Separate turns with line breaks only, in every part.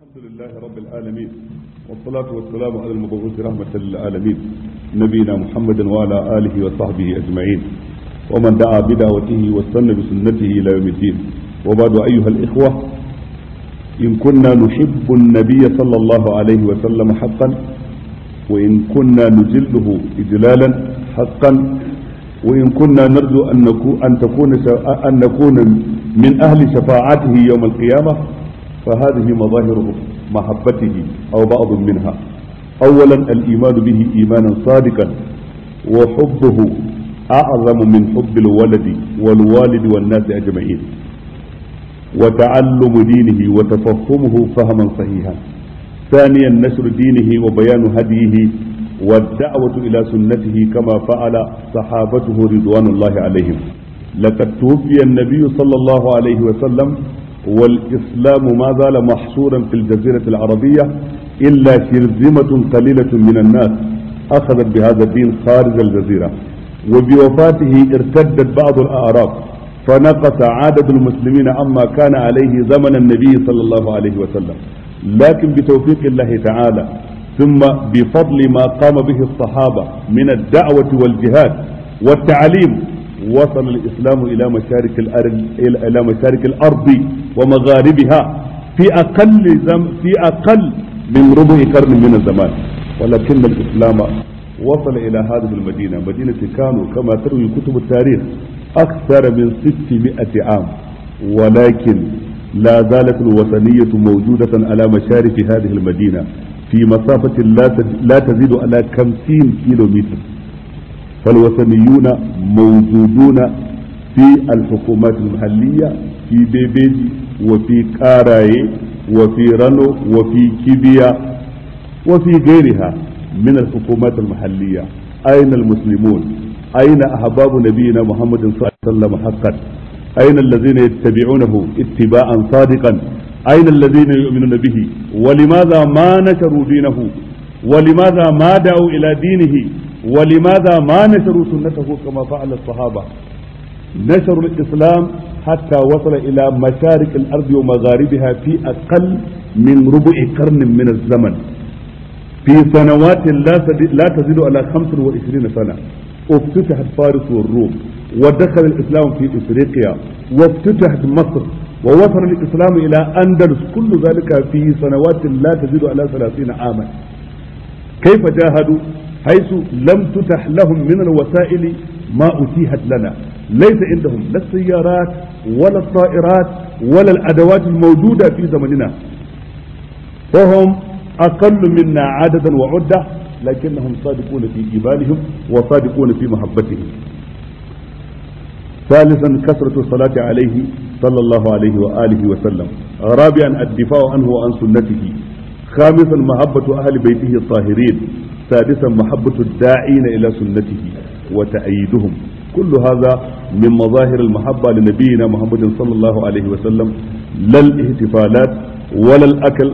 الحمد لله رب العالمين والصلاة والسلام على المبعوث رحمة للعالمين نبينا محمد وعلى آله وصحبه أجمعين ومن دعا بدعوته واستنى بسنته إلى يوم الدين وبعد أيها الإخوة إن كنا نحب النبي صلى الله عليه وسلم حقا وإن كنا نجله إجلالا حقا وإن كنا نرجو أن نكون أن تكون أن نكون من أهل شفاعته يوم القيامة فهذه مظاهر محبته أو بعض منها أولا الإيمان به إيمانا صادقا وحبه أعظم من حب الولد والوالد والناس أجمعين وتعلم دينه وتفهمه فهما صحيحا ثانيا نشر دينه وبيان هديه والدعوة إلى سنته كما فعل صحابته رضوان الله عليهم لقد توفي النبي صلى الله عليه وسلم والإسلام ما زال محصورا في الجزيرة العربية إلا شرذمة قليلة من الناس أخذت بهذا الدين خارج الجزيرة وبوفاته ارتدت بعض الأعراب فنقص عدد المسلمين عما كان عليه زمن النبي صلى الله عليه وسلم لكن بتوفيق الله تعالى ثم بفضل ما قام به الصحابة من الدعوة والجهاد والتعليم وصل الإسلام إلى مشارق الأرض إلى مشارق الأرض ومغاربها في أقل زم في أقل من ربع قرن من الزمان ولكن الإسلام وصل إلى هذه المدينة مدينة كانوا كما تروي كتب التاريخ أكثر من 600 عام ولكن لا زالت الوثنية موجودة على مشارف هذه المدينة في مسافة لا تزيد على 50 كيلومتر فالوثنيون موجودون في الحكومات المحلية في بيبيجي وفي كاراي وفي رنو وفي كيبيا وفي غيرها من الحكومات المحلية أين المسلمون أين أحباب نبينا محمد صلى الله عليه وسلم حقا أين الذين يتبعونه اتباعا صادقا أين الذين يؤمنون به ولماذا ما نشروا دينه ولماذا ما دعوا إلى دينه ولماذا ما نشروا سنته كما فعل الصحابة نشروا الإسلام حتى وصل إلى مشارق الأرض ومغاربها في أقل من ربع قرن من الزمن في سنوات لا تزيد على 25 سنة افتتحت فارس والروم ودخل الإسلام في إفريقيا وافتتحت مصر ووصل الإسلام إلى أندلس كل ذلك في سنوات لا تزيد على 30 عاما كيف جاهدوا حيث لم تتح لهم من الوسائل ما أتيحت لنا ليس عندهم لا السيارات ولا الطائرات ولا الأدوات الموجودة في زمننا فهم أقل منا عددا وعدة لكنهم صادقون في إيمانهم وصادقون في محبتهم ثالثا كثرة الصلاة عليه صلى الله عليه وآله وسلم رابعا الدفاع عنه وعن سنته خامسا محبة أهل بيته الطاهرين سادسا محبة الداعين إلى سنته وتأييدهم كل هذا من مظاهر المحبة لنبينا محمد صلى الله عليه وسلم لا الاحتفالات ولا الأكل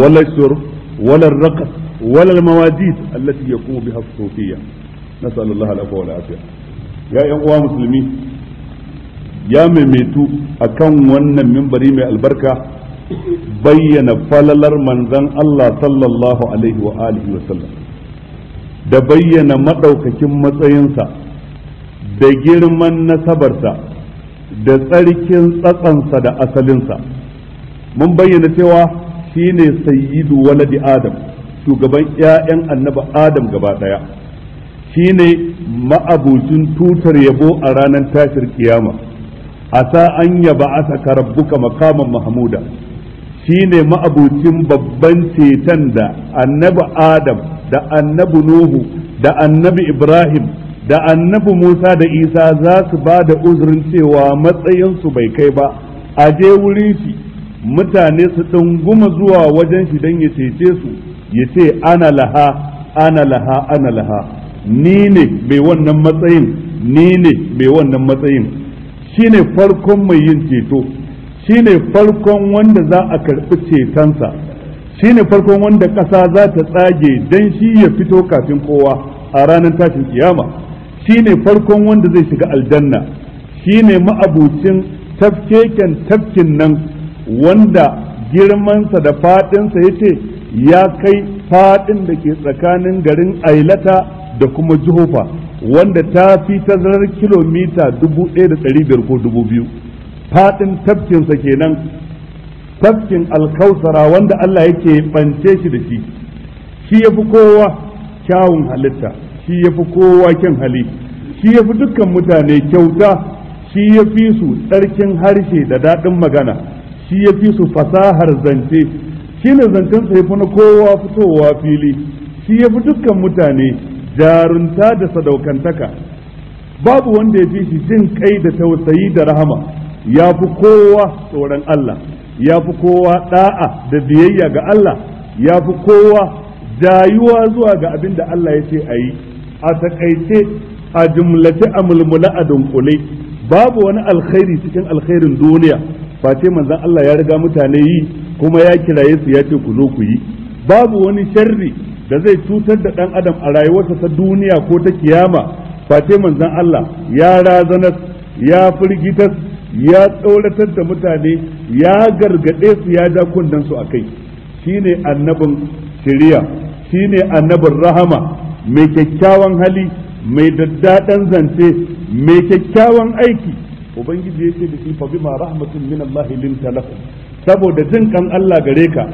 ولا الشرب ولا الرقص ولا المواجيد التي يقوم بها الصوفية نسأل الله العفو والعافية يا أخوة مسلمين ya maimaitu a kan wannan mimbari mai albarka bayyana falalar manzan Allah sallallahu alaihi wa alihi wa sallam da bayyana maɗaukakin matsayinsa da girman nasabarsa da tsarkin tsatsansa da asalinsa mun bayyana cewa shi ne sayyidu waladi adam shugaban 'ya'yan annaba adam gaba ɗaya shi ne ma'abucin tutar yabo a ranar tashir kiyama asa an ya asaka rabbuka makaman mahmuda shi ne ma'abucin babban ceton da annaba adam da annabi nuhu da annabi ibrahim da annabi musa da isa za su ba da uzurin cewa matsayinsu bai kai ba a je wurin shi mutane su ɗunguma zuwa wajen shi don ya cece su ya ce ana laha ana laha ana laha ni ne mai wannan matsayin ni ne mai wannan matsayin Shi ne farkon mai yin ceto Shi ne farkon wanda za a karɓi cetonsa Shi ne farkon wanda ƙasa za ta tsage don shi ya fito kafin kowa a ranar tashin kiyama Shi ne farkon wanda zai shiga aljanna Shi ne ma'abucin tafkeken tafkin nan wanda girmansa da faɗinsa ya ce ya kai faɗin da ke tsakanin garin ailata da kuma jihofa wanda ta fi tazarar kilomita 1,500 ko 2,000 faɗin tafkinsa kenan tafkin alkausara wanda Allah yake bance shi da shi shi yafi kowa kyawun halitta shi yafi kowa kyan hali shi yafi dukkan mutane kyauta shi yafi su tsarkin harshe da daɗin magana shi yafi su fasahar zance shi ne zancen sa yafi na kowa fitowa fili shi yafi dukkan mutane jarunta da sadaukantaka babu wanda ya fi shi jin kai da tausayi da rahama yafi kowa tsoron Allah ya fi kowa da'a da biyayya ga Allah ya fi kowa jayuwa zuwa ga abin da Allah ya ce a yi a takaice a jumlace a mulmula a dunkule babu wani alkhairi cikin alkhairin duniya ce manzon Allah ya riga mutane yi kuma ya kiraye su ya ce ku zo ku yi babu wani sharri da zai cutar da ɗan adam a rayuwarsa ta duniya ko ta kiyama ce manzan Allah ya razanar ya firgitar ya tsoratar da mutane ya gargade su ya ja kunnen su akai shine annabin shiriya shine annabin rahama mai kyakkyawan hali mai daddaɗan zance mai kyakkyawan aiki ubangiji ya ce da shi fa bima rahmatin min Allah lin lakum saboda jin kan Allah gare ka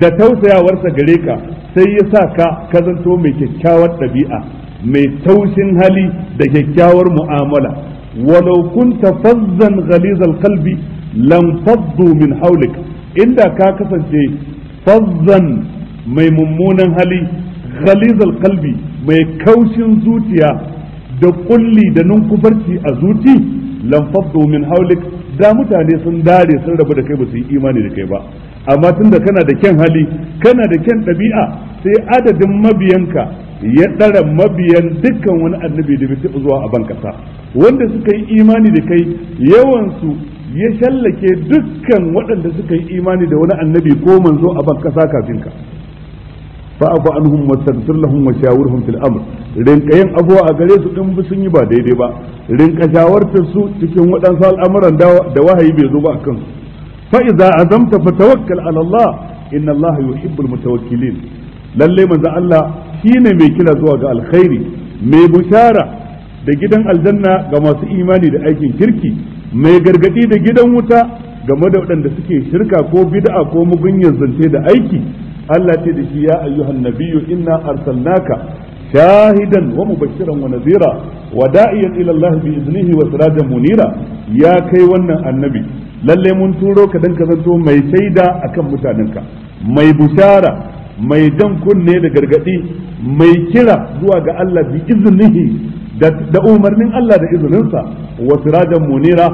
da tausayawarsa gare ka sai ya sa ka kazanto mai kyakkyawar ɗabi'a mai taushin hali da kyakkyawar mu'amala walau kunta fazzan ghalizal qalbi lam faddu min inda ka kasance fazzan mai mummunan hali ghalizal kalbi, mai kaushin zuciya da kulli da nunkufarci a zuci lam faddu min haulik, da mutane sun dare sun rabu da kai ba su yi imani da kai ba amma tunda kana da kyan hali kana da kyan ɗabi'a sai adadin mabiyanka ya ɗara mabiyan dukkan wani annabi da bai taɓa zuwa a ban ƙasa wanda suka yi imani da kai yawansu ya shallake dukkan waɗanda suka yi imani da wani annabi ko manzo a ban ƙasa kafin ka fa'afu anhum wastaghfir lahum wa shawirhum fil amr rinka yin abuwa a gare su din bi sun yi ba daidai ba rinka shawartar su cikin waɗansu al'amuran da wahayi bai zo ba a kansu fa idza azamta fatawakkal ala Allah inna Allah yuhibbul mutawakkilin lalle manzo Allah shine mai kira zuwa ga alkhairi mai bushara da gidan aljanna ga masu imani da aikin kirki mai gargadi da gidan wuta game da waɗanda suke shirka ko bid'a ko mugunyar zance da aiki Allah ce da shi ya ayyuhan nabiyyu inna arsalnaka shahidan wa mubashiran wa nadhira wa da'iyan ila Allah bi iznihi wa sirajan munira ya kai wannan annabi lalle mun turo ka dan ka zanto mai shaida akan mutanenka mai bushara mai jan kunne da gargadi mai kira zuwa ga Allah bi iznihi da umarnin Allah da izininsa wa sirajan munira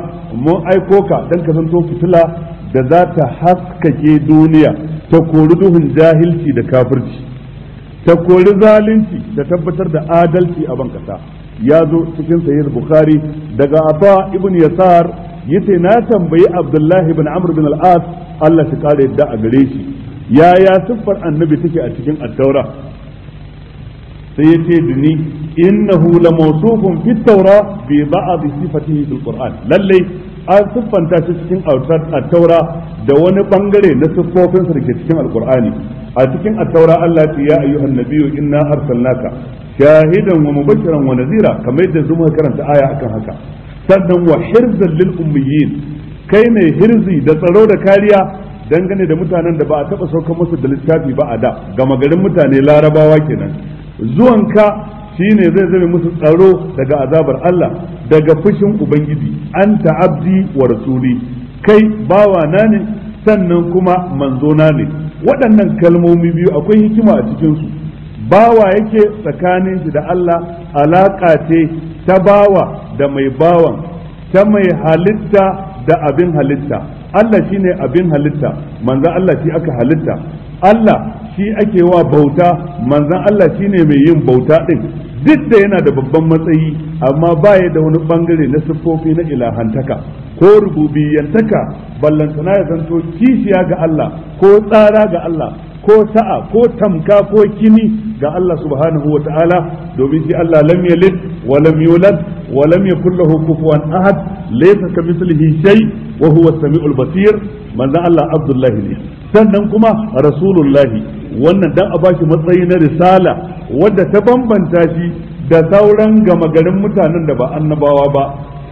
mu aiko ka dan ka zanto fitila da za ta haskake duniya ta kori duhun jahilci da kafirci ta kori zalunci ta tabbatar da adalci a bankasa ya zo cikin sayyid bukhari daga Aba ibn yasar yace na tambayi abdullahi ibn amr bin al-as Allah shi kare yadda a gare shi yaya siffar annabi take a cikin at-taura sai yace dini innahu lamawsufun fi at-taura bi ba'd sifatihi fil qur'an lalle an siffanta shi cikin at da wani bangare na siffofin sa dake cikin al a cikin at Allah ya ce ya ayyuhan nabiyyu inna arsalnaka shahidan wa mubashiran wa nadhira kamar yadda zuma karanta aya akan haka sannan wa hirzan lil ummiyin kai ne hirzi da tsaro da kariya dangane da mutanen da ba a taɓa saukar musu da littafi ba a da gama garin mutane larabawa kenan zuwanka shine zai zame musu tsaro daga azabar Allah daga fushin ubangiji an ta'abdi wa rasuli kai bawa na ne sannan kuma manzo na ne waɗannan kalmomi biyu akwai hikima a cikin su bawa yake tsakanin shi da Allah alaka ce ta bawa da mai bawan ta mai halitta da abin halitta Allah shi ne abin halitta manzan Allah shi aka halitta Allah shi ake wa bauta manzan Allah shi ne mai yin bauta ɗin duk da yana da babban matsayi amma ba ya da wani bangare na siffofi na ilahantaka ko rububiyantaka ballantana ya zanto kishiya ga Allah ko tsara ga Allah ko sa'a ko tamka ko kini ga Allah subhanahu wa ta'ala domin shi Allah lam yalid wa lam yulad wa lam yakul lahu kufuwan ahad laysa kamithlihi shay wa huwa samiul basir manzon Allah Abdullahi ne sannan kuma rasulullahi wannan dan a bashi matsayi na risala wadda ta bambanta shi da sauran gama garin mutanen da ba annabawa ba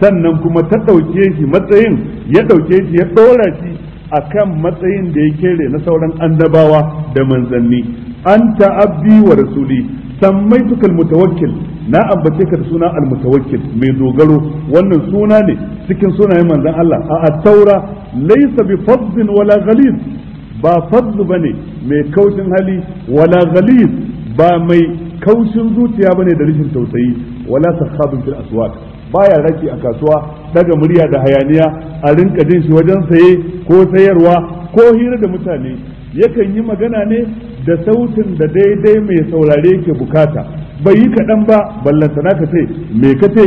sannan kuma ta ɗauke shi matsayin ya ɗauke shi ya ɗoraci shi akan matsayin da ya kera na sauran annabawa da manzanni anta abdi wa rasuli sammaituka almutawakkil na ambace ka da suna almutawakkil mai dogaro wannan suna ne cikin sunayen manzan Allah a'a taura laysa bi fazzin wala ghaliz ba fadlu bane mai kaucin hali wala ghaliz ba mai kaushin zuciya ba ne da rashin tausayi wala sakhabun fil aswaq baya raki a kasuwa daga murya da hayaniya a rinka jin shi wajen saye ko sayarwa ko hira da mutane yakan yi magana ne da sautin da daidai mai saurare ke bukata bai yi kaɗan ba ballantana ka ce mai ka ce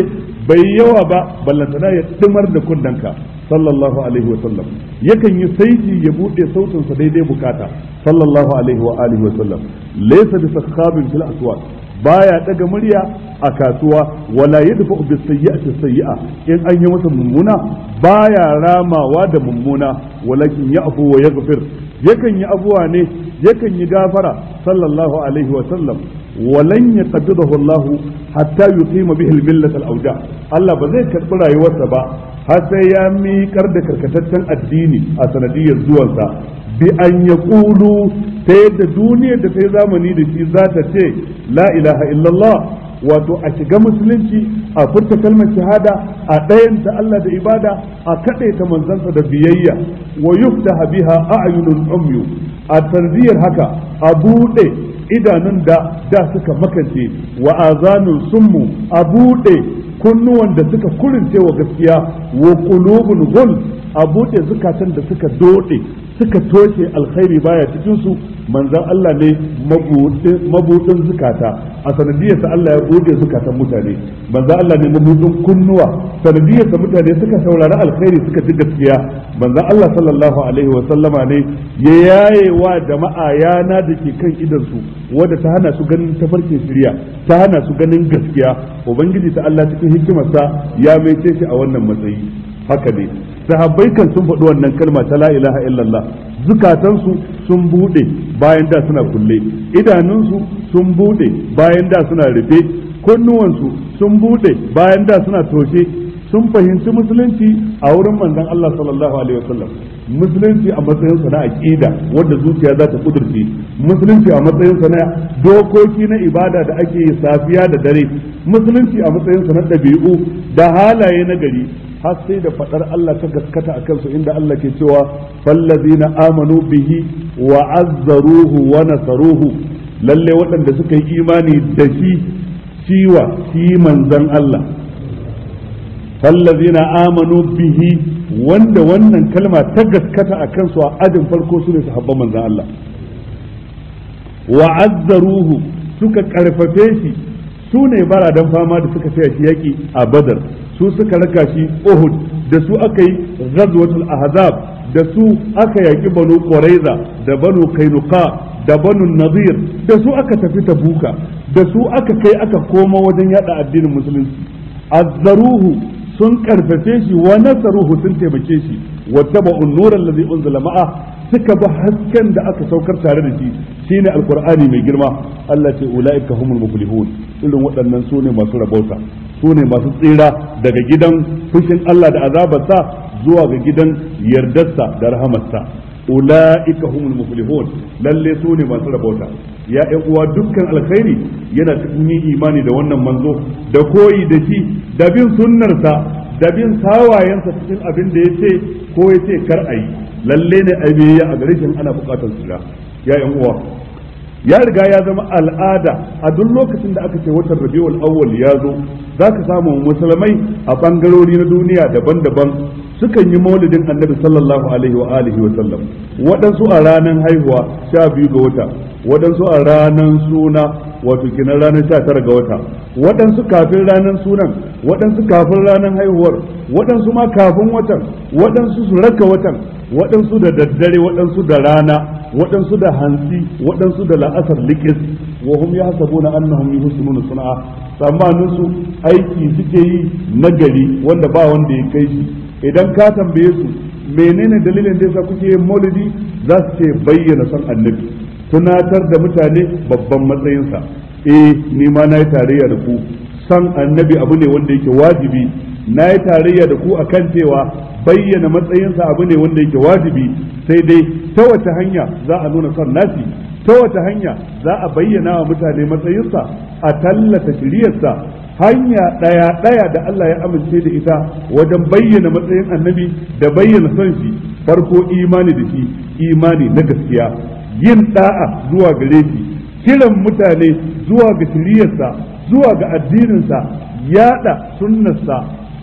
bai yawa ba ballantana ya ɗimar da kundanka sallallahu alaihi wa sallam yakan yi saiti ya buɗe sautinsa daidai bukata sallallahu alaihi wa alihi wa sallam laysa bi sakhabin fil aswaq baya daga murya a kasuwa wala yadfu bi sayyi'ati sayyi'a in an yi masa mummuna baya ramawa da mummuna walakin ya'fu wa yaghfir yakan yi abuwa ne yakan yi gafara sallallahu alaihi wa sallam walan yaqbidahu Allah hatta yuqima bihi al-millat al-awja Allah ba zai karbi rayuwarsa ba har sai ya miƙar da karkataccen addini a sanadiyar zuwansa bi an yaqulu ta yadda duniyar da ta yi zamani da shi za ta ce la ilaha illallah wato a shiga musulunci a furta kalmar shahada a ɗayan ta Allah da ibada a kaɗaita manzansa da biyayya wa habiha a a'yunul umyu a tarziyar haka a buɗe idanun da da suka makance wa azanun summu a buɗe kunnuwan da suka kurince wa gaskiya wa qulubul a buɗe zukatan da suka doɗe suka toshe alkhairi baya cikin su manzon Allah ne mabudin zukata a sanadiyarsa Allah ya buɗe zukatan mutane manzon Allah ne mabudin kunnuwa sanadiyarsa mutane suka saurari alkhairi suka ji gaskiya manzon Allah sallallahu alaihi wa sallama ne ya yaye wa jama'a yana da ke kan idan su wanda ta hana su ganin tafarkin shirya ta hana su ganin gaskiya ubangiji ta Allah cikin hikimarsa ya mai shi a wannan matsayi haka ne sahabbai kan sun faɗi wannan kalma ta la illallah zukatansu sun buɗe bayan da suna kulle idanunsu sun buɗe bayan da suna rufe kunnuwansu sun buɗe bayan da suna toshe sun fahimci musulunci a wurin manzon Allah sallallahu alaihi wasallam musulunci a matsayin sa na aqida wanda zuciya za ta kudurce musulunci a matsayin sa na dokoki na ibada da ake yi safiya da dare musulunci a matsayin sa na dabi'u da halaye na gari har sai da fadar Allah ta gaskata akan su inda Allah ke cewa fallazina amanu bihi wa azzaruhu wa nasaruhu lalle waɗanda suka yi imani da shi ciwa shi manzon Allah fallazina amanu bihi wanda wannan kalma ta gaskata a kansu a ajin farko su ne sahabban manzan Allah wa ruhu suka karfafe shi su ne bara baradan fama da suka taya shi yaƙi a badar su suka raka shi uhud da su aka yi ghazwatul ahzab da su aka yaƙi banu quraiza da banu kainuka da banu Nazir, da su aka tafi tabuka da su aka kai aka koma wajen yada addinin musulunci azzaruhu sun karfafe shi wa nasaruhu sun taimake shi wa tabu'un nuran ladzi unzila ma'a suka bi hasken da aka saukar tare da shi shine alqur'ani mai girma Allah ce ulaika humul muflihun irin waɗannan su ne masu rabauta su ne masu tsira daga gidan fushin Allah da azabarsa zuwa ga gidan yardarsa da rahamarsa ulaika humul muflihun lalle su ne masu rabauta ya ƴan uwa dukkan alkhairi yana cikin imani da wannan manzo da koyi da shi da bin sunnarsa da bin sawayensa cikin abin da ya ce ko ya ce kar a yi lalle ne a biyayya a gare shi ana bukatar tsira ya yan uwa ya riga ya zama al'ada a duk lokacin da aka ce watan rabiul awwal ya zo zaka samu musulmai a bangarori na duniya daban-daban sukan yi maulidin annabi sallallahu alaihi wa alihi wa sallam waɗansu a ranar haihuwa sha biyu ga wata waɗansu a ranar suna wato kinan ranar sha tara ga wata waɗansu kafin ranar sunan waɗansu kafin ranar haihuwar waɗansu ma kafin watan waɗansu su raka watan waɗansu da daddare waɗansu da rana waɗansu da hansi waɗansu da la'asar likis wa hum yahsabuna annahum yuhsinuna sun'a tsammanin su aiki suke yi nagari wanda ba wanda ya kai shi idan ka tambaye su menene dalilin da yasa kuke yin maulidi za su ce bayyana son annabi tunatar da mutane babban matsayinsa eh ni ma na yi tarayya da ku san annabi abu ne wanda yake wajibi na yi tarayya da ku akan cewa bayyana matsayinsa abu ne wanda yake wajibi sai dai ta wata hanya za a nuna son nasi ta wata hanya za a bayyana wa mutane matsayinsa a tallata shiriyarsa hanya ɗaya ɗaya da Allah ya amince da ita wajen bayyana matsayin annabi da bayyana son shi farko imani da shi imani na gaskiya yin da'a zuwa gare shi kiran mutane zuwa ga shiriyarsa zuwa ga addininsa yada sunnarsa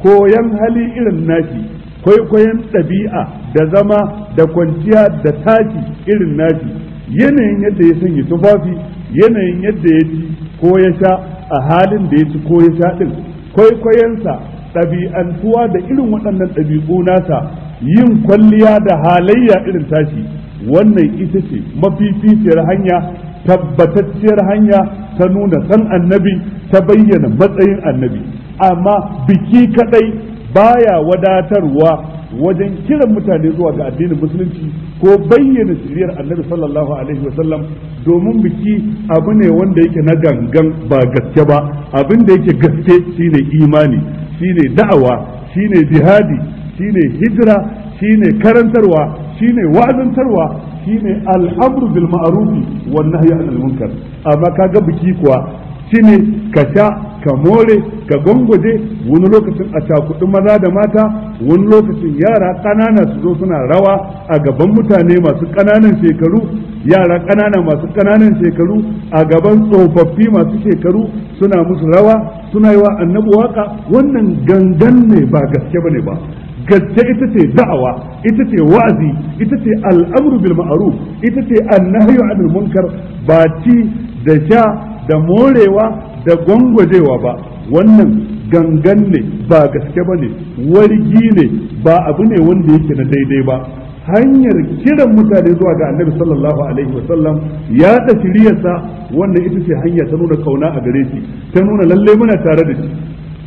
koyan hali irin nashi kwaikwayon ɗabi'a da zama da kwanciya da taki irin nashi yanayin yadda ya sanya tufafi yanayin yadda ya ci ko ya sha a halin da ya ci ko ya sha din kwaikwayonsa ɗabi'antuwa da irin waɗannan ɗabi'u nasa yin kwalliya da halayya irin tashi wannan ita ce mafificiyar hanya tabbatacciyar hanya ta nuna san annabi ta bayyana matsayin annabi amma biki kadai baya wadatarwa wajen kiran mutane zuwa ga addinin musulunci ko bayyana siriyar annabi sallallahu alaihi wasallam domin biki abu ne wanda yake na gangan ba gaske ba abin da yake gaske shine imani shine da'awa shine jihadi shine hijira shine karantarwa shine wa'azantarwa shine al'amru bil ma'ruf wan nahyi anil munkar amma kaga biki kuwa Cine ka sha ka more ka gwangwaje wani lokacin a cakudu maza da mata wani lokacin yara ƙanana su zo suna rawa a gaban mutane masu ƙananan shekaru yara ƙanana masu ƙananan shekaru a gaban tsofaffi masu shekaru suna musu rawa suna yi wa annabi waka wannan gangan ne ba gaske ba ne ba gaske ita ce da'awa ita ce wa'azi ita ce al'amru bil ma'ruf ita ce annahyu anil munkar ba ci da sha da morewa da gwangwajewa ba wannan gangan ne ba gaske ba ne wargi ne ba abu ne wanda yake na daidai ba hanyar kiran mutane zuwa ga annabi sallallahu alaihi wasallam ya da shiriyarsa wannan ita ce hanya ta nuna kauna a gare shi ta nuna lalle muna tare da shi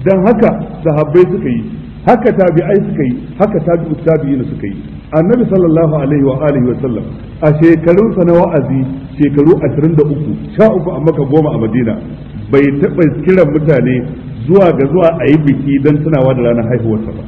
dan haka sahabbai suka yi haka tabi'ai suka yi haka tabi'u tabi'ina suka yi annabi sallallahu alaihi wa alihi wa sallam a shekarunsa na wa'azi shekaru 23 sha uku a maka goma a madina bai taɓa kiran mutane zuwa ga zuwa a yi biki don tunawa da ranar haihuwarsa ba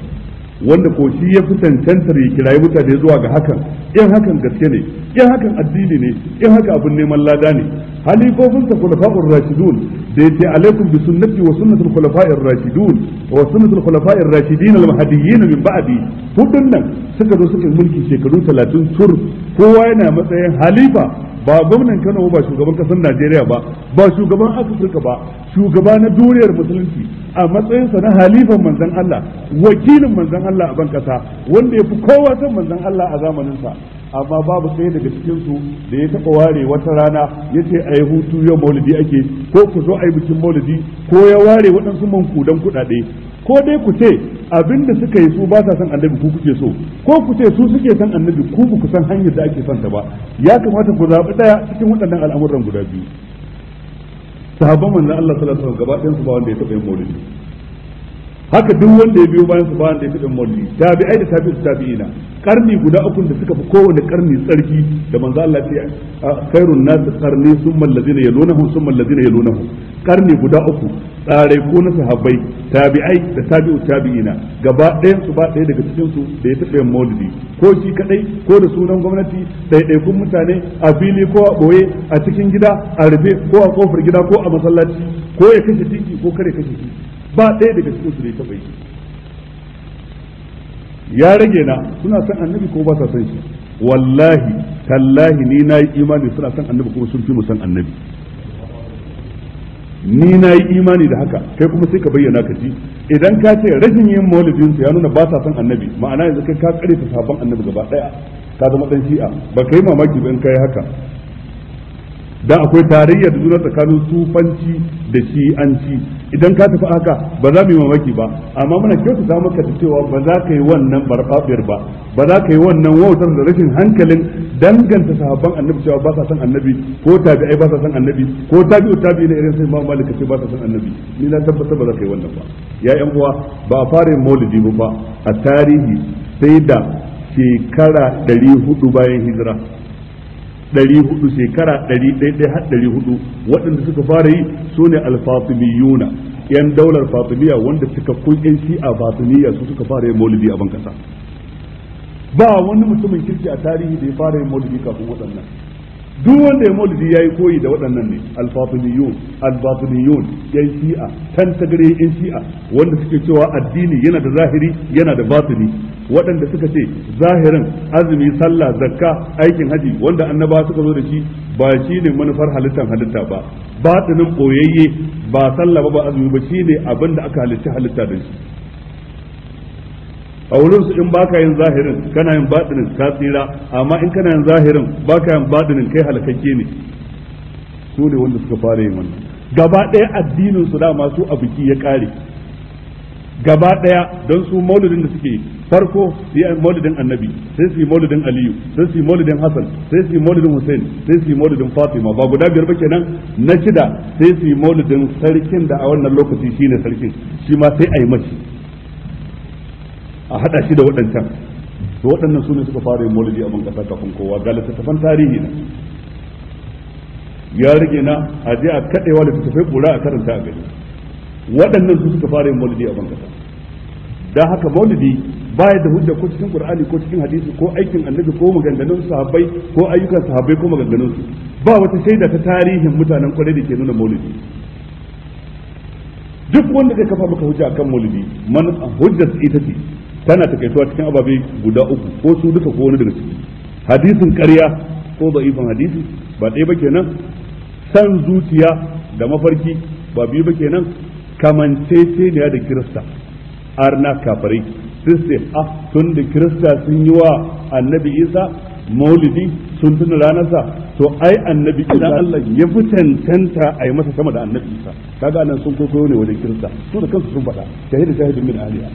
wanda ko shi ya fi cancantar ya kirayi mutane zuwa ga hakan in hakan gaske ne in hakan addini ne in haka abin neman lada ne halifofin sa khulafa'ur rashidun da yace alaikum bi sunnati wa sunnatul khulafa'ir rashidun wa sunnatul khulafa'ir rashidin al mahdiyyin min ba'di hudun nan suka zo suka mulki shekaru 30 tur, kowa yana matsayin halifa ba gwamnan Kano ba shugaban kasar Najeriya ba ba shugaban Afirka ba shugaba na duniyar musulunci a matsayinsa na halifan manzon Allah wakilin manzon Allah a ban kasa wanda ya fi kowa san manzon Allah a zamaninsa amma babu sai daga cikin su da ya taɓa ware wata rana ya ce a yi hutu yau maulidi ake ko ku zo a yi bikin maulidi ko ya ware waɗansu mankudan kuɗaɗe ko dai ku ce abinda suka yi su ba sa son annabi ku kuke so ko ku ce su suke son annabi ku ku san hanyar da ake son ta ba ya kamata ku zaɓi ɗaya cikin waɗannan al'amuran guda biyu sahabban manzon Allah sallallahu alaihi wasallam gaba su ba wanda ya taɓa yin maulidi haka duk wanda ya biyo bayan su ba wanda ya taɓa yin maulidi tabi'ai da tabi'u tabi'ina karni guda uku da suka fi kowane karni tsarki da manzon Allah ya ce khairun nas qarni summa allazina yalunahum summa allazina yalunahum karni guda uku tsarai ko na sahabbai tabi'ai da tabi'u tabi'ina gaba ɗayan su ba ɗaya daga cikin su da ya taɓa yin maulidi ko shi kadai ko da sunan gwamnati ɗaiɗaikun mutane a fili ko a ɓoye a cikin gida a rufe ko a kofar gida ko a masallaci ko ya kashe titi ko kare kashe titi ba ɗaya daga cikin su da ya taɓa yi ya rage na suna son annabi ko ba sa son shi wallahi tallahi ni na yi imani suna son annabi kuma sun fi mu son annabi ni na yi imani da haka kai kuma sai ka bayyana ka ji idan ka ce rashin yin maulidin ya nuna ba sa son annabi ma'ana yanzu kai ka kare ta sabon annabi gaba daya ka zama dan shi'a ba kai mamaki ba in kai haka da akwai tarayya da juna tsakanin sufanci da shi'anci idan ka tafi haka ba za mu yi mamaki ba amma muna kyautata maka da cewa ba za ka yi wannan barbabiyar ba ba za ka yi wannan wautar da rashin hankalin danganta sahabban annabi cewa ba sa san annabi ko ai ba sa san annabi ko o tabi na irin sai ma malik ce ba sa san annabi ni na tabbata ba za ka yi wannan ba ya yan uwa ba a fara yin maulidi ba ba a tarihi sai da shekara 400 bayan hijira ɗari hudu shekara ɗari ɗaya har ɗari hudu waɗanda suka fara yi su ne alfatimiyuna yan daular fatimiyya wanda kun yan shi'a fatimiyya su suka fara yin maulidi a bankasa ba wani mutumin kirki a tarihi da ya fara yin maulidi kafin waɗannan duk wanda ya maulidi ya yi koyi da waɗannan ne al-fatimiyun yan shi'a tan tagare yan shi'a wanda suke cewa addini yana da zahiri yana da batini waɗanda suka ce zahirin azumi sallah zakka aikin haji wanda annaba suka zo da shi ba shi ne manufar halittar halitta ba batinin koyayye ba sallah ba ba azumi ba shi ne abin da aka halitta halitta da shi a wurin su in baka yin zahirin kana yin batinin ka tsira amma in kana yin zahirin baka yin batinin kai halakakke ne su ne wanda suka fara yin wannan gaba ɗaya addinin su dama su a biki ya kare gaba ɗaya don su maulidin da suke farko su yi maulidin annabi sai su yi maulidin aliyu sai su yi maulidin hassan sai su yi maulidin hussein sai su yi maulidin fatima ba guda biyar ba kenan na shida sai su yi maulidin sarkin da a wannan lokaci shine sarkin shi ma sai a yi mace a hada shi da waɗancan to waɗannan su ne suka fara yin maulidi a ban kasa kafin kowa ga littattafan tarihi na ya rage na a je a kaɗewa da littattafai kura a karanta a gani waɗannan su suka fara yin maulidi a ban kasa da haka maulidi baya da hujja ko cikin qur'ani ko cikin hadisi ko aikin annabi ko maganganun sahabbai ko ayyukan sahabbai ko maganganun su ba wata shaida ta tarihin mutanen kwarai da ke nuna maulidi duk wanda zai kafa maka hujja akan maulidi man hujjar ita ce tana takaituwa cikin ababe guda uku ko su duka ko wani daga ciki hadisin ƙarya ko da'ifin hadisi ba ɗaya ba kenan san zuciya da mafarki ba biyu ba kenan ne da kirista arna kafarai sai a ah, tun da kirista sun yi wa annabi isa maulidi sun tuna ranarsa to ai annabi isa Allah ya fi tantanta a yi masa sama da annabi isa kaga nan sun kwaikwayo ne wajen kirista su da kansu sun faɗa shahidu shahidu min aliyah.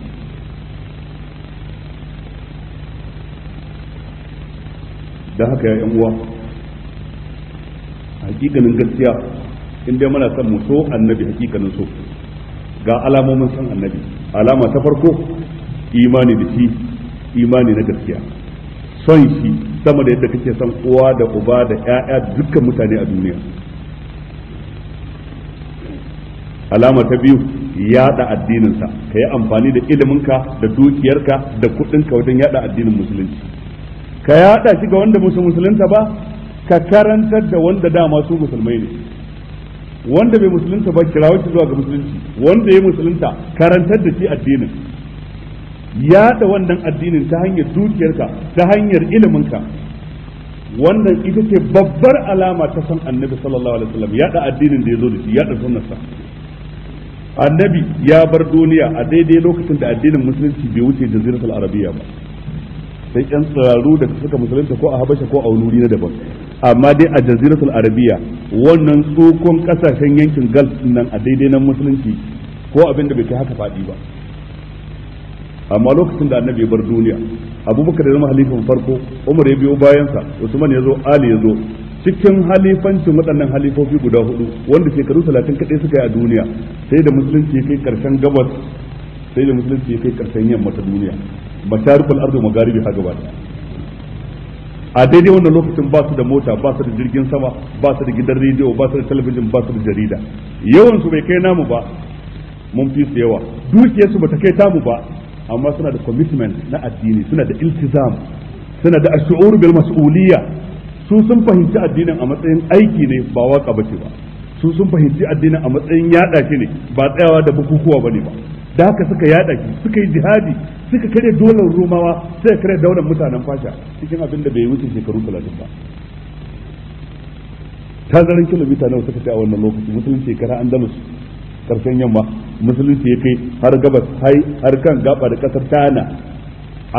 don haka ya uwa hakikanin gaskiya in dai muna son mu so annabi hakikanin so ga alamomin son annabi alama ta farko imani da shi imani na gaskiya son shi sama da yadda kake son uwa da uba da 'ya'ya dukkan mutane a duniya alama ta biyu yada addininsa ka yi amfani da iliminka da dukiyarka da kudinka wajen yada addinin musulunci ka yaɗa shi ga wanda musu musulunta ba ka karantar da wanda dama su musulmai ne wanda bai musulunta ba kira shi zuwa ga musulunci wanda ya musulunta karantar da shi addinin yaɗa wannan addinin ta hanyar dukiyarka ta hanyar iliminka wannan ita ce babbar alama ta san annabi sallallahu alaihi wasallam yaɗa addinin da ya zo da shi yaɗa sunnarsa annabi ya bar duniya a daidai lokacin da addinin musulunci bai wuce jaziratul arabiya ba sai yan tsiraru da suka musulunta ko a habasha ko a wani na daban amma dai a jaziratul arabiya wannan tsokon kasashen yankin gulf nan a daidai nan musulunci ko abin da bai kai haka fadi ba amma lokacin da annabi bar duniya abubakar da zama halifan farko umar ya biyo bayansa usman ya zo ali ya zo cikin halifancin waɗannan halifofi guda hudu wanda shekaru talatin kaɗai suka yi a duniya sai da musulunci ya kai karshen gabas sai da musulunci ya kai karshen yamma ta duniya masharikul ardu magaribi ha gaba a daidai wannan lokacin ba su da mota ba su da jirgin sama ba su da gidan rediyo ba su da talabijin ba su da jarida yawan su bai kai namu ba mun fi su yawa dukiyar su bata kai tamu ba amma suna da commitment na addini suna da iltizam suna da ash'ur bil mas'uliyya su sun fahimci addinin a matsayin aiki ne ba waka bace ba su sun fahimci addinin a matsayin yada shi ne ba tsayawa da bukukuwa bane ba da haka suka yada shi suka yi jihadi suka kare dolar romawa suka kare daular mutanen fasha cikin abin da bai wuce shekaru talatin ba tazarin kilomita nawa suka kai a wannan lokaci musulunci kara andalus karshen yamma musulunci ya kai har gabas har kan gaba da kasar tana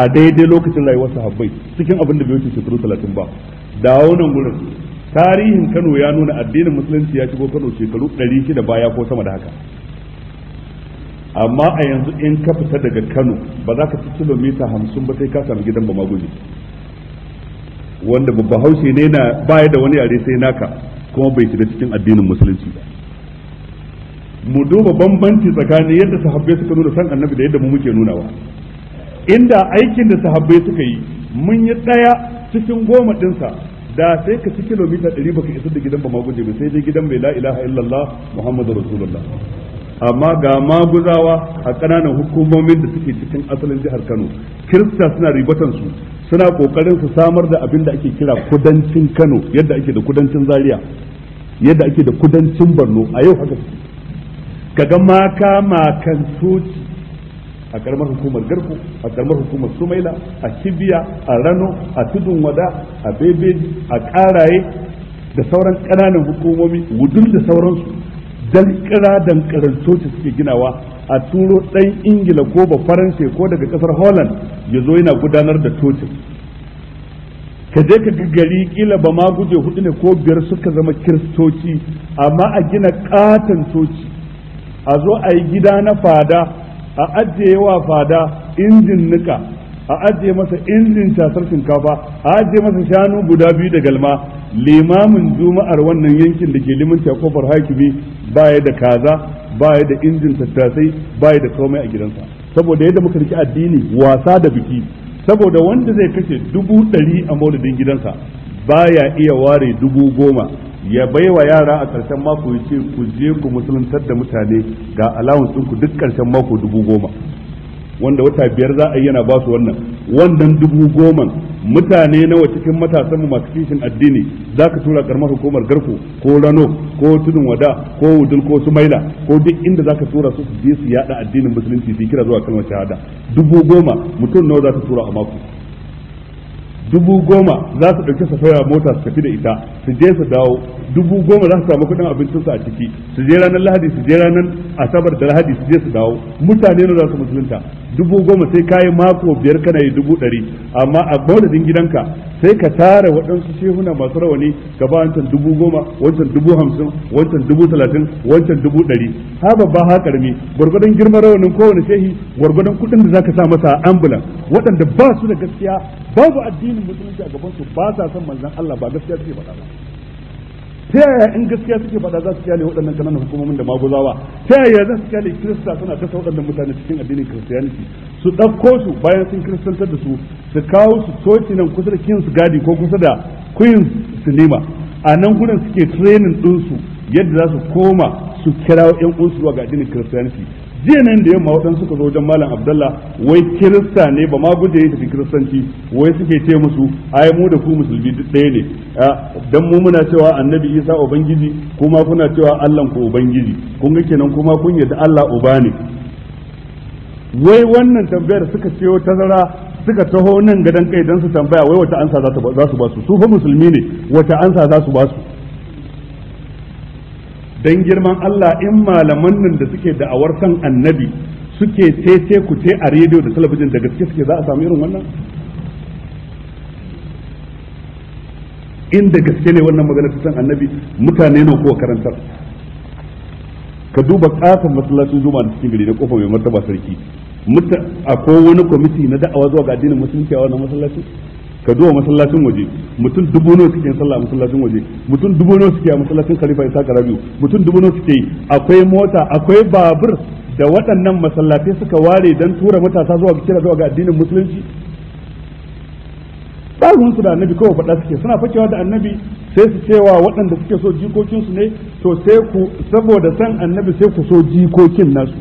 a daidai lokacin rayuwar sahabbai cikin abin da bai wuce shekaru talatin ba da wannan gurin tarihin kano ya nuna addinin musulunci ya shigo kano shekaru ɗari shida baya ko sama da haka amma a yanzu in ka fita daga Kano ba za ka ci kilomita hamsin ba sai ka sami gidan ba magudi wanda babba haushe ne na baya da wani yare sai naka kuma bai shiga cikin addinin musulunci ba mu duba bambanci tsakanin yadda sahabbai suka nuna san annabi da yadda mu muke nunawa inda aikin da sahabbai suka yi mun yi daya cikin goma dinsa da sai ka ci kilomita ɗari baka isa da gidan ba magudi ba sai dai gidan mai la ilaha illallah muhammadu rasulullah amma ga maguzawa a ƙananan hukumomin da suke cikin asalin jihar Kano kirista suna ribatan su suna kokarin su samar da abin da ake kira kudancin Kano yadda ake da kudancin Zaria yadda ake da kudancin Borno a yau haka kaga maka makan soci a karamar hukumar garko a karamar hukumar sumaila a kibiya a rano a tudun wada a bebe a karaye da sauran ƙananan hukumomi wudul da sauransu dankira dankiran coci suke ginawa a turo ɗan ingila ko ba faransa ko daga ƙasar holland ya zo yana gudanar da cocin ka je ka gari kila ba ma guje hudu ne ko biyar suka zama kiristoci amma a gina katon coci a zo a yi gida na fada a ajiye wa fada injin nika a ajiye masa injin casar shinkafa a ajiye masa shanu guda biyu da galma limamin juma'ar wannan yankin da ke liman kofar hakimi baya da kaza baya da injin tattasai baya da komai a gidansa saboda yadda muka riki addini wasa da biki saboda wanda zai kashe dubu ɗari a maulidin gidansa baya iya ware dubu goma ya baiwa yara a ƙarshen mako ya ce ku je ku musuluntar da mutane ga alawun ɗinku duk ƙarshen mako dubu goma wanda wata biyar za a yi yana ba su wannan wannan dubu goman mutane nawa cikin matasanmu masu kishin addini za ka tura karamar hukumar garko ko rano ko tudun wada ko wudul ko sumaila ko duk inda za ka tura su su je su yada addinin musulunci su kira zuwa kalmar shahada dubu goma mutum nawa za ta tura a mako dubu goma za su ɗauki safaya mota su tafi da ita su je su dawo dubu goma za su samu kuɗin su a ciki su je ranar lahadi su je ranar asabar da lahadi su je su dawo mutane ne za su musulunta dubu goma sai kayi mako biyar kana yi dubu ɗari amma a maulidin gidanka sai ka tara waɗansu shehuna masu rawani ka ba wancan dubu goma wancan dubu hamsin wancan dubu talatin wancan dubu ɗari ha babba ha ƙarami gwargwadon girman rawanin kowane shehi gwargwadon kuɗin da za ka sa masa ambulan waɗanda ba su da gaskiya babu addini addinin musulunci a gaban su ba sa son manzon Allah ba gaskiya suke faɗa ba ta yaya in gaskiya suke faɗa za su kyale waɗannan kananan hukumomin da maguzawa ta yaya za su kyale kirista suna ta waɗannan mutane cikin addinin kiristiyaniti su ɗauko su bayan sun kiristantar da su su kawo su coci nan kusa da kings gadi ko kusa da queens cinema a nan gudan suke training ɗinsu yadda za su koma su kira yan uwansu zuwa ga addinin kiristiyaniti jiya nan da yamma waɗansu suka zo wajen malam abdallah wai kirista ne ba ma guje ya tafi kiristanci wai suke ce musu ai mu da ku musulmi duk ɗaya ne dan mu muna cewa annabi isa ubangiji kuma kuna cewa allah ku ubangiji kun ga kenan kuma kun yadda allah uba ne wai wannan tambayar suka ce wata tazara suka taho nan gadan kai dan su tambaya wai wata ansa za su ba su su fa musulmi ne wata ansa za su ba su dan girman Allah in malaman nan da suke da'awar san annabi suke tete ku te a rediyo da talabijin da gaske suke za a samu irin wannan inda gaske ne wannan magana ta san annabi mutane na kowa karantar ka duba kasan masallacin zuma da cikin gari na kofa mai martaba sarki akwai wani kwamiti na da'awa zuwa ga addinin musulunci a wannan masallacin ka duba masallacin waje mutum dubu nawa suke sallah a masallacin waje mutum dubu nawa suke a masallacin khalifa isa karabiu mutum dubu nawa suke akwai mota akwai babur da waɗannan masallatai suka ware don tura matasa zuwa ga kira zuwa ga addinin musulunci ɗaruhun su da annabi kawai faɗa suke suna fakewa da annabi sai su cewa waɗanda suke so jikokinsu ne to sai ku saboda san annabi sai ku so jikokin nasu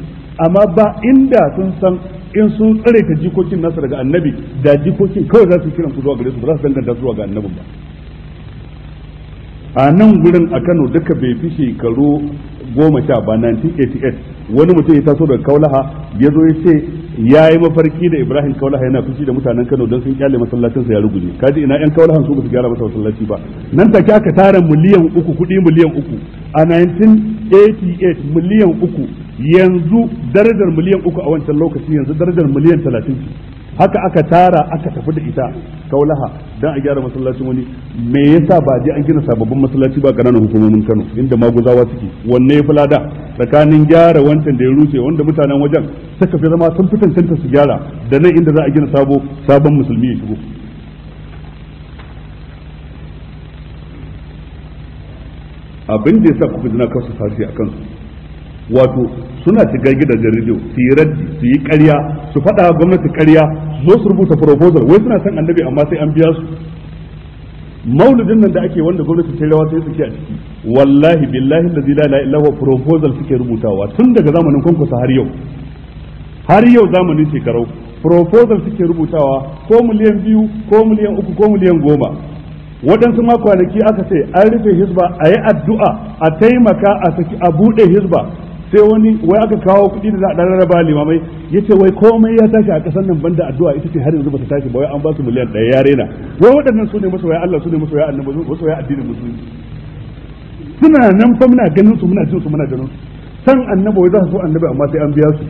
amma ba inda sun san in sun tsare ta jikokin nasu daga annabi da jikokin kawai za su kiran ku zuwa gare su ba za su danganta zuwa ga annabin ba a nan wurin a Kano duka bai fi shekaru goma sha ba 1988 wani mutum ya taso daga Kaulaha ya zo ya ce ya yi mafarki da Ibrahim Kaulaha yana fushi da mutanen Kano don sun kyale masallacinsa ya ne kaji ina yan Kaulahan su ba su gyara masa masallaci ba nan take aka tara miliyan uku kuɗi miliyan uku a 1988 miliyan uku yanzu darajar miliyan uku a wancan lokaci yanzu darajar miliyan talatin ce haka aka tara aka tafi da ita kaulaha don a gyara masallacin wani me yasa ba je an gina sababbin masallaci ba ƙananan hukumomin Kano inda maguzawa suke wanne ya fulada tsakanin gyara wancan da ya rushe wanda mutanen wajen suka fi zama sun fi cancanta su gyara da nan inda za a gina sabo sabon musulmi ya shigo abin da ya sa kuka jina su sashi a kansu wato suna shiga gidajen rediyo su yi raddi su yi karya su faɗa gwamnati karya su zo su rubuta proposal wai suna son annabi amma sai an biya su mauludin nan da ake wanda gwamnati ta rawa sai suke a ciki wallahi billahi la ilaha illa huwa proposal suke rubutawa tun daga zamanin kwankwasa har yau har yau zamanin shekarau proposal suke rubutawa ko miliyan biyu ko miliyan uku ko miliyan goma waɗansu ma kwanaki aka ce an rufe hisba a yi addu'a a taimaka a saki a buɗe hisba sai wani wai aka kawo kuɗi da za a dan rarraba limamai yace wai komai ya tashi a kasan nan banda addu'a ita ce har yanzu ba ta tashi ba wai an ba su miliyan ɗaya ya rena wai waɗannan su ne masoya Allah su ne masoya annabi masoya addinin Musulmi. suna nan fa muna ganin su muna jin su muna ganin su san annabi wai za su so annabi amma sai an biya su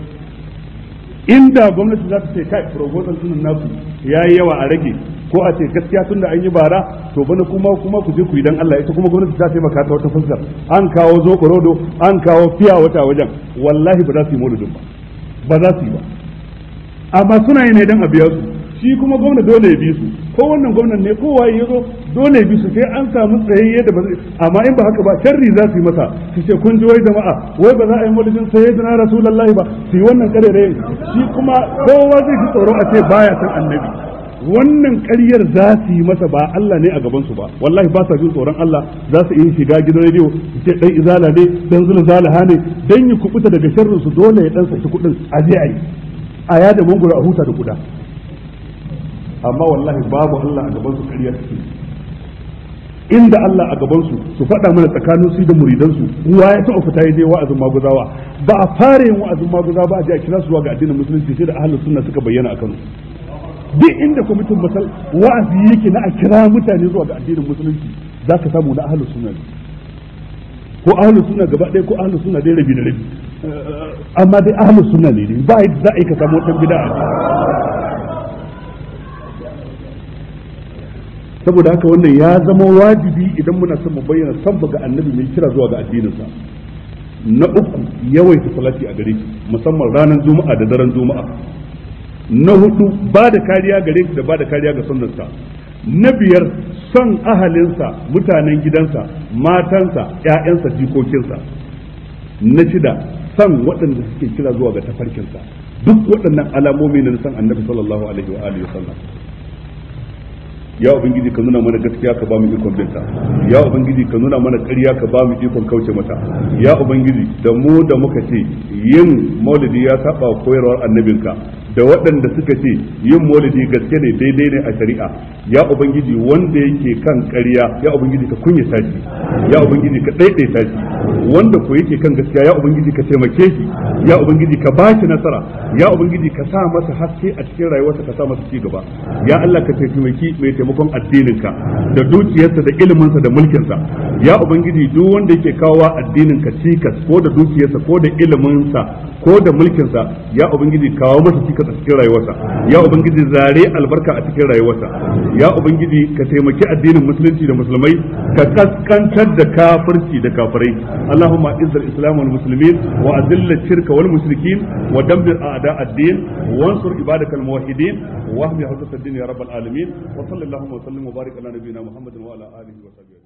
inda gwamnati za ta ce kai proposal sunan naku yi yawa a rage ko a ce gaskiya tun da an yi bara to bana kuma kuma ku je ku yi dan Allah ita kuma gwamnati za ta maka ta wata fuskar an kawo zokorodo an kawo fiya wata wajen wallahi ba za su yi mauludin ba ba za su yi ba amma suna yi ne dan a biya su shi kuma gwamna dole ya bi su ko wannan gwamnan ne kowa ya zo dole bi su sai an samu tsayayye da amma in ba haka ba sharri za su yi masa su ce kun ji wai jama'a wai ba za a yi mulkin sayyidina rasulullahi ba su yi wannan karere shi kuma kowa zai fi tsoro a ce baya san annabi wannan ƙaryar za su yi masa ba Allah ne a gabansu ba wallahi ba sa jin tsoron Allah za su iya shiga gidan rediyo su ce dan izala ne dan zulun zalaha ne dan yi kubuta daga sharrin su dole ya dan saki kudin a je ayi a yada mangoro a huta da kuda amma wallahi babu Allah a su ƙaryar su inda Allah a gabansu su faɗa mana tsakanin su da muridansu uwa ya taɓa fita ya je wa'azin maguzawa ba a fara yin wa'azin maguzawa ba a je a kira su zuwa ga addinin musulunci sai da ahlus sunna suka bayyana a Kano duk inda kwamitin masal wa'azi yake na a kira mutane zuwa ga addinin musulunci za ka samu na ahlus sunna ne ko ahlus sunna gaba ɗaya ko ahlus sunna dai rabi da rabi amma dai ahlus sunna ne ba yadda za a yi ka samu wata bid'a saboda haka wannan ya zama wajibi idan muna son mu bayyana sabba ga annabi mai kira zuwa ga addininsa na uku yawaita salati a gare musamman ranar juma'a da daren juma'a na hudu ba da kariya gare shi da ba da kariya ga sunnarsa na biyar son ahalinsa mutanen gidansa matansa ƴaƴansa jikokinsa na shida son waɗanda suke kira zuwa ga tafarkinsa duk waɗannan alamomi ne na san annabi sallallahu alaihi wa alihi wasallam ya ubangiji ka nuna mana gaskiya ka ba mu ikon binta ya ubangiji ka nuna mana ƙarya ka ba mu ikon kauce mata ya ubangiji da mu da muka ce yin maulidi ya saba koyarwar annabinka da waɗanda suka ce yin molidi gaske ne daidai ne a shari'a ya ubangiji wanda yake kan ƙarya ya ubangiji ka kunya tashi ya ubangiji ka ɗaiɗai tashi wanda ko yake kan gaskiya ya ubangiji ka taimake shi ya ubangiji ka ba shi nasara ya ubangiji ka sa masa haske a cikin rayuwarsa ka sa masa ci gaba ya Allah ka taimaki mai taimakon addininka da dukiyarsa da iliminsa da mulkinsa ya ubangiji duk wanda yake kawo addininka cikas ko da dukiyarsa ko da iliminsa ko da mulkinsa ya ubangiji kawo masa cikas a cikin rayuwarsa ya ubangiji zare albarka a cikin rayuwarsa ya ubangiji ka taimaki addinin musulunci da musulmai ka kaskantar da kafirci da kafirai allahumma izzil islam wal muslimin wa azilla shirka wal wa dammir a'da ad-din wansur ibadakal muwahhidin wa ahmi hawdata ad-din ya rabbal alamin wa sallallahu wa wa barik ala nabiyyina muhammadin wa ala alihi wa sahbihi